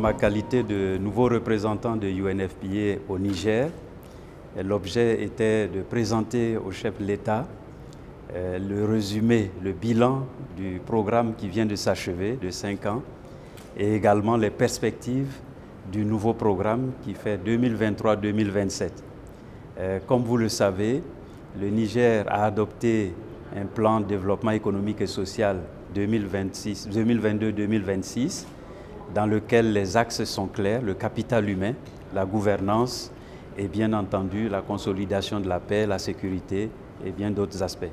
ma qualité de nouveau représentant de UNFPA au Niger, l'objet était de présenter au chef de l'État euh, le résumé, le bilan du programme qui vient de s'achever de 5 ans et également les perspectives du nouveau programme qui fait 2023-2027. Euh, comme vous le savez, le Niger a adopté un plan de développement économique et social 2022-2026 dans lequel les axes sont clairs, le capital humain, la gouvernance et bien entendu la consolidation de la paix, la sécurité et bien d'autres aspects.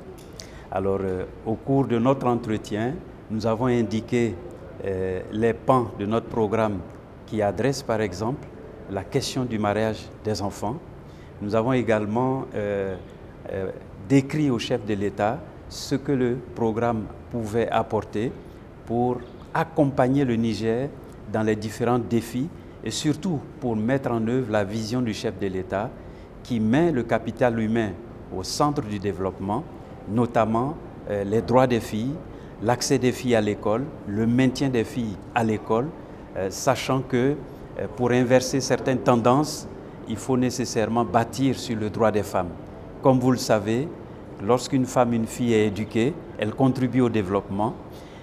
Alors euh, au cours de notre entretien, nous avons indiqué euh, les pans de notre programme qui adressent par exemple la question du mariage des enfants. Nous avons également euh, décrit au chef de l'État ce que le programme pouvait apporter pour accompagner le Niger dans les différents défis et surtout pour mettre en œuvre la vision du chef de l'État qui met le capital humain au centre du développement, notamment euh, les droits des filles, l'accès des filles à l'école, le maintien des filles à l'école, euh, sachant que euh, pour inverser certaines tendances, il faut nécessairement bâtir sur le droit des femmes. Comme vous le savez, lorsqu'une femme, une fille est éduquée, elle contribue au développement.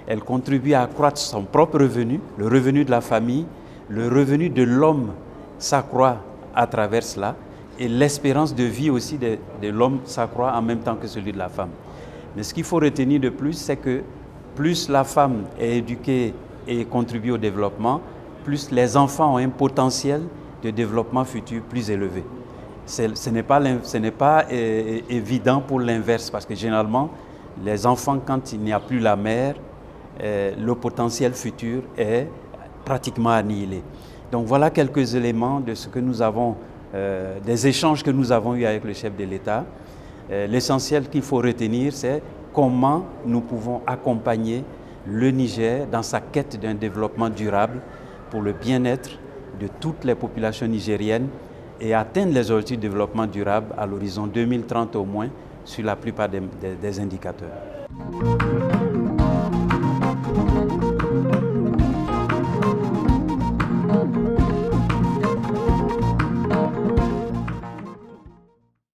Elle contribue à accroître son propre revenu, le revenu de la famille, le revenu de l'homme s'accroît à travers cela et l'espérance de vie aussi de, l'homme s'accroît en même temps que celui de la femme. Mais ce qu'il faut retenir de plus, c'est que plus la femme est éduquée et contribue au développement, plus les enfants ont un potentiel de développement futur plus élevé. Ce n'est pas, ce pas euh, évident pour l'inverse, parce que généralement, les enfants, quand il n'y a plus la mère, euh, le potentiel futur est pratiquement annihilé. Donc voilà quelques éléments de ce que nous avons, euh, des échanges que nous avons eus avec le chef de l'État. Euh, l'essentiel qu'il faut retenir, c'est comment nous pouvons accompagner le Niger dans sa quête d'un développement durable pour le bien-être de toutes les populations nigériennes et atteindre les objectifs de développement durable à l'horizon 2030 au moins sur la plupart des indicateurs.